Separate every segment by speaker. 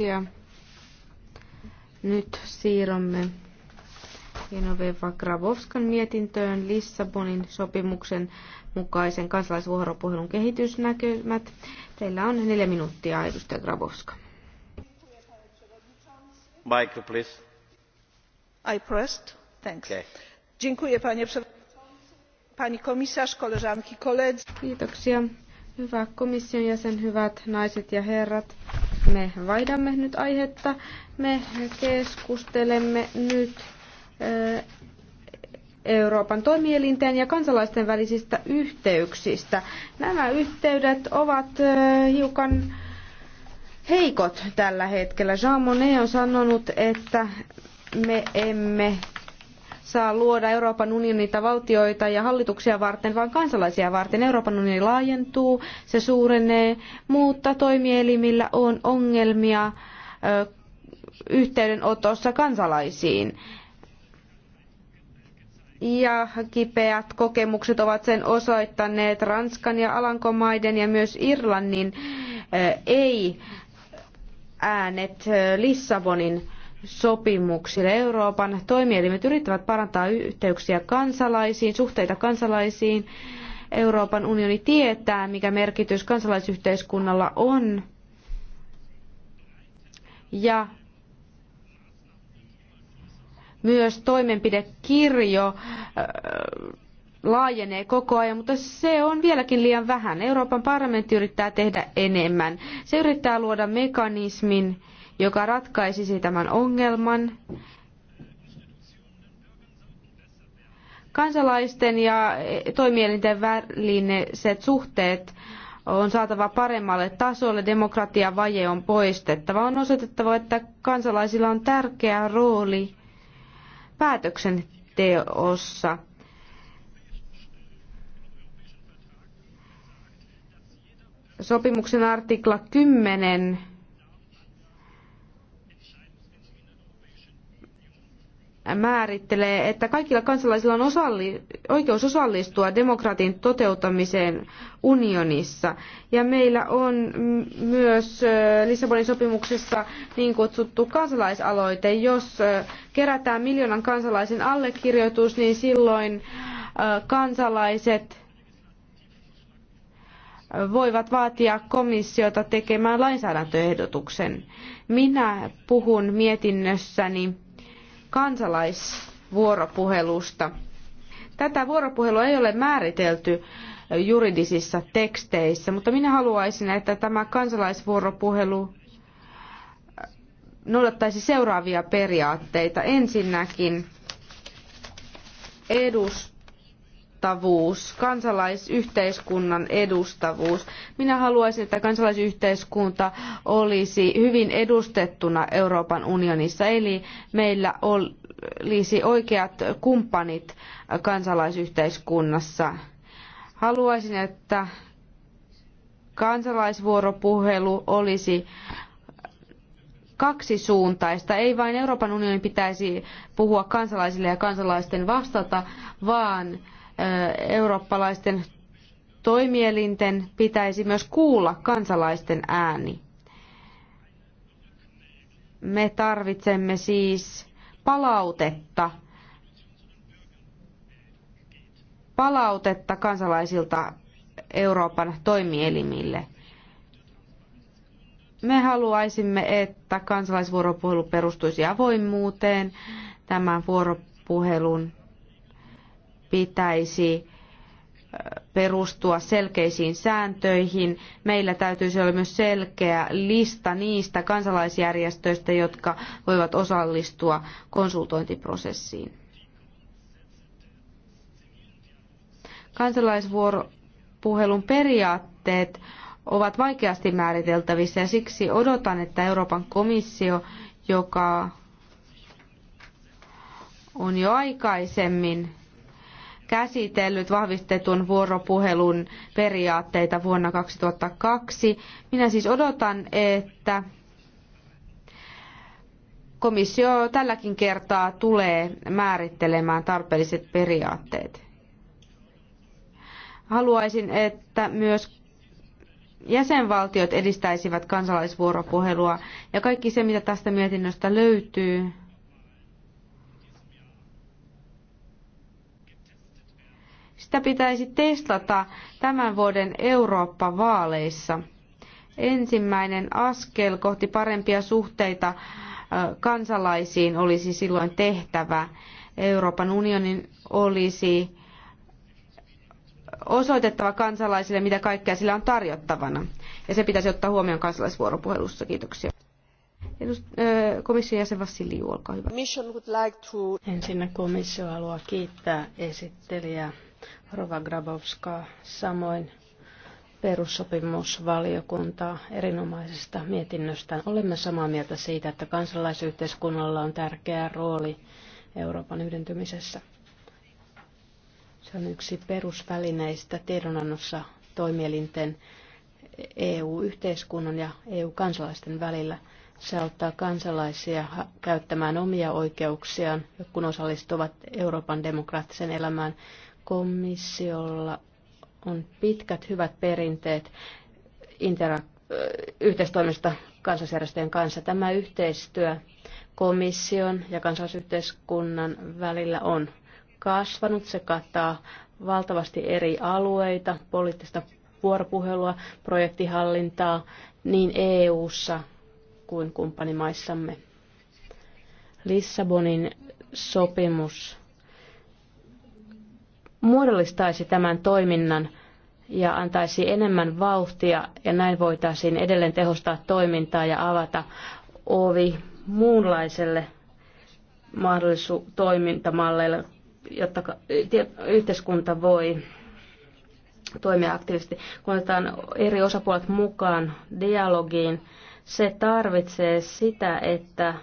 Speaker 1: Kiitoksia. Nyt siirrymme Genoveva Grabowskan mietintöön Lissabonin sopimuksen mukaisen kansalaisvuoropuhelun kehitysnäkymät. Teillä on neljä minuuttia, edustaja Grabowska.
Speaker 2: Michael, please.
Speaker 1: I pressed. Thanks. Okay. Dziękuję, panie przewodniczący, pani komisarz, koleżanki, koledzy. Kiitoksia. Hyvä komission jäsen, hyvät naiset ja herrat me vaihdamme nyt aihetta. Me keskustelemme nyt Euroopan toimielinten ja kansalaisten välisistä yhteyksistä. Nämä yhteydet ovat hiukan heikot tällä hetkellä. Jean Monnet on sanonut, että me emme saa luoda Euroopan unionin niitä valtioita ja hallituksia varten, vaan kansalaisia varten. Euroopan unioni laajentuu, se suurenee, mutta toimielimillä on ongelmia yhteydenotossa kansalaisiin. Ja kipeät kokemukset ovat sen osoittaneet Ranskan ja Alankomaiden ja myös Irlannin ei äänet Lissabonin sopimuksille. Euroopan toimielimet yrittävät parantaa yhteyksiä kansalaisiin, suhteita kansalaisiin. Euroopan unioni tietää, mikä merkitys kansalaisyhteiskunnalla on. Ja myös toimenpidekirjo äh, laajenee koko ajan, mutta se on vieläkin liian vähän. Euroopan parlamentti yrittää tehdä enemmän. Se yrittää luoda mekanismin, joka ratkaisisi tämän ongelman. Kansalaisten ja toimielinten väliset suhteet on saatava paremmalle tasolle, demokratiavaje on poistettava. On osoitettava, että kansalaisilla on tärkeä rooli päätöksenteossa. Sopimuksen artikla 10 määrittelee, että kaikilla kansalaisilla on osalli, oikeus osallistua demokratin toteuttamiseen unionissa. Ja meillä on myös Lissabonin sopimuksessa niin kutsuttu kansalaisaloite. Jos kerätään miljoonan kansalaisen allekirjoitus, niin silloin kansalaiset voivat vaatia komissiota tekemään lainsäädäntöehdotuksen. Minä puhun mietinnössäni kansalaisvuoropuhelusta. Tätä vuoropuhelua ei ole määritelty juridisissa teksteissä, mutta minä haluaisin, että tämä kansalaisvuoropuhelu äh, noudattaisi seuraavia periaatteita. Ensinnäkin edustus vaikuttavuus, kansalaisyhteiskunnan edustavuus. Minä haluaisin, että kansalaisyhteiskunta olisi hyvin edustettuna Euroopan unionissa, eli meillä olisi oikeat kumppanit kansalaisyhteiskunnassa. Haluaisin, että kansalaisvuoropuhelu olisi kaksisuuntaista. Ei vain Euroopan unionin pitäisi puhua kansalaisille ja kansalaisten vastata, vaan eurooppalaisten toimielinten pitäisi myös kuulla kansalaisten ääni. Me tarvitsemme siis palautetta, palautetta kansalaisilta Euroopan toimielimille. Me haluaisimme, että kansalaisvuoropuhelu perustuisi avoimuuteen tämän vuoropuhelun pitäisi perustua selkeisiin sääntöihin. Meillä täytyisi olla myös selkeä lista niistä kansalaisjärjestöistä, jotka voivat osallistua konsultointiprosessiin. Kansalaisvuoropuhelun periaatteet ovat vaikeasti määriteltävissä ja siksi odotan, että Euroopan komissio, joka on jo aikaisemmin käsitellyt vahvistetun vuoropuhelun periaatteita vuonna 2002. Minä siis odotan, että komissio tälläkin kertaa tulee määrittelemään tarpeelliset periaatteet. Haluaisin, että myös jäsenvaltiot edistäisivät kansalaisvuoropuhelua ja kaikki se, mitä tästä mietinnöstä löytyy, Sitä pitäisi testata tämän vuoden Eurooppa-vaaleissa. Ensimmäinen askel kohti parempia suhteita kansalaisiin olisi silloin tehtävä. Euroopan unionin olisi osoitettava kansalaisille, mitä kaikkea sillä on tarjottavana. Ja se pitäisi ottaa huomioon kansalaisvuoropuhelussa. Kiitoksia. Komission jäsen Vassiliu, olkaa hyvä.
Speaker 2: Ensinnä komissio haluaa kiittää esittelijää Rova Grabowska, samoin perussopimusvaliokunta erinomaisesta mietinnöstä. Olemme samaa mieltä siitä, että kansalaisyhteiskunnalla on tärkeä rooli Euroopan yhdentymisessä. Se on yksi perusvälineistä tiedonannossa toimielinten EU-yhteiskunnan ja EU-kansalaisten välillä. Se auttaa kansalaisia käyttämään omia oikeuksiaan, kun osallistuvat Euroopan demokraattisen elämään Komissiolla on pitkät hyvät perinteet intera- yhteistoimista kansalaisjärjestöjen kanssa. Tämä yhteistyö komission ja kansalaisyhteiskunnan välillä on kasvanut. Se kattaa valtavasti eri alueita, poliittista vuoropuhelua, projektihallintaa niin EU-ssa kuin kumppanimaissamme. Lissabonin sopimus muodollistaisi tämän toiminnan ja antaisi enemmän vauhtia ja näin voitaisiin edelleen tehostaa toimintaa ja avata ovi muunlaiselle mahdollisu- toimintamalleille, jotta yhteiskunta voi toimia aktiivisesti. Kun otetaan eri osapuolet mukaan dialogiin, se tarvitsee sitä, että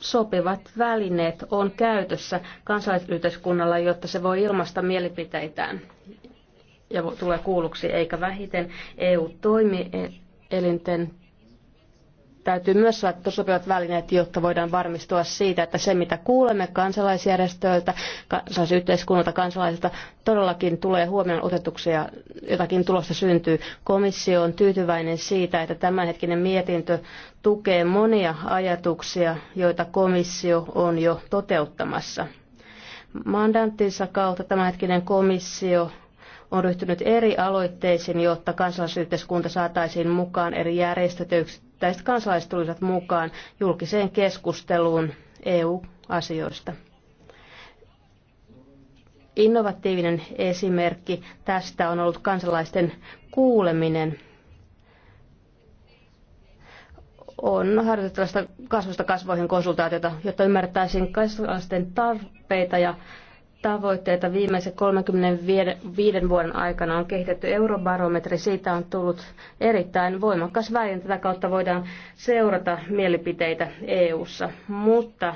Speaker 2: sopivat välineet on käytössä kansalaisyhteiskunnalla, jotta se voi ilmaista mielipiteitään ja tulee kuulluksi, eikä vähiten EU-toimielinten täytyy myös saada sopivat välineet, jotta voidaan varmistua siitä, että se mitä kuulemme kansalaisjärjestöiltä, kansalaisyhteiskunnalta, kansalaisilta todellakin tulee huomioon otetuksi ja jotakin tulosta syntyy. Komissio on tyytyväinen siitä, että tämänhetkinen mietintö tukee monia ajatuksia, joita komissio on jo toteuttamassa. Mandanttinsa kautta tämänhetkinen komissio on ryhtynyt eri aloitteisiin, jotta kansalaisyhteiskunta saataisiin mukaan eri järjestöt ja yksittäiset kansalaiset tulisivat mukaan julkiseen keskusteluun EU-asioista. Innovatiivinen esimerkki tästä on ollut kansalaisten kuuleminen on harjoitettavasta kasvusta kasvoihin konsultaatiota, jotta ymmärrettäisiin kansalaisten tarpeita ja tavoitteita viimeisen 35 vuoden aikana on kehitetty eurobarometri. Siitä on tullut erittäin voimakas väline. Tätä kautta voidaan seurata mielipiteitä EU:ssa, mutta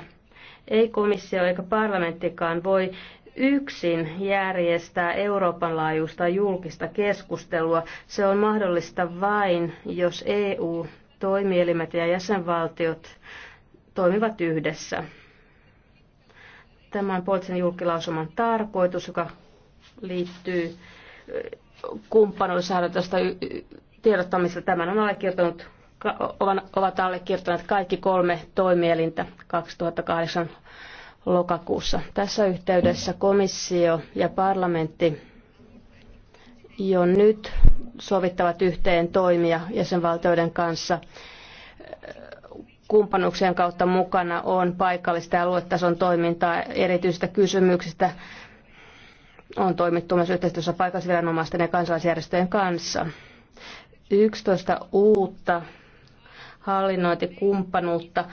Speaker 2: ei komissio eikä parlamenttikaan voi yksin järjestää Euroopan laajuista julkista keskustelua. Se on mahdollista vain, jos EU, toimielimet ja jäsenvaltiot toimivat yhdessä. Tämä on poliittisen julkilausuman tarkoitus, joka liittyy kumppanuusharjoitusta tiedottamista. Tämän on allekirjoittanut, ovat allekirjoittaneet kaikki kolme toimielintä 2008 lokakuussa. Tässä yhteydessä komissio ja parlamentti jo nyt sovittavat yhteen toimia jäsenvaltioiden kanssa kumppanuuksien kautta mukana on paikallista ja aluetason toimintaa erityisistä kysymyksistä. On toimittu myös yhteistyössä paikallisviranomaisten ja kansalaisjärjestöjen kanssa. 11 uutta hallinnointikumppanuutta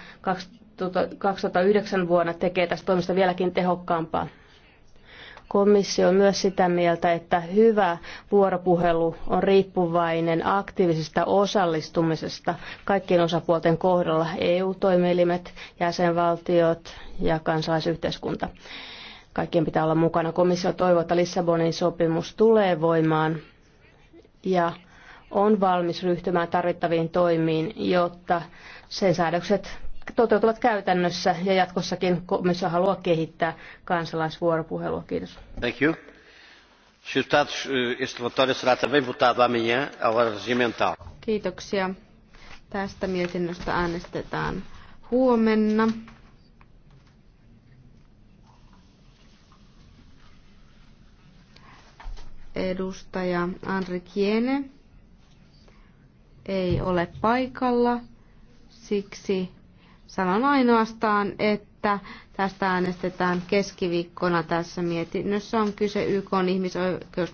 Speaker 2: 2009 vuonna tekee tästä toimista vieläkin tehokkaampaa. Komissio on myös sitä mieltä, että hyvä vuoropuhelu on riippuvainen aktiivisesta osallistumisesta kaikkien osapuolten kohdalla, EU-toimielimet, jäsenvaltiot ja kansalaisyhteiskunta. Kaikkien pitää olla mukana. Komissio toivoo, että Lissabonin sopimus tulee voimaan ja on valmis ryhtymään tarvittaviin toimiin, jotta sen säädökset toteutuvat käytännössä ja jatkossakin komissio haluaa kehittää kansalaisvuoropuhelua. Kiitos. Thank you. Senhores deputados, este relatório será também votado amanhã à hora regimental.
Speaker 1: Kiitoksia. Tästä mietinnöstä äänestetään huomenna. Edustaja Andri Kiene ei ole paikalla, siksi Sanon ainoastaan, että tästä äänestetään keskiviikkona tässä mietinnössä on kyse YK ihmisoikeus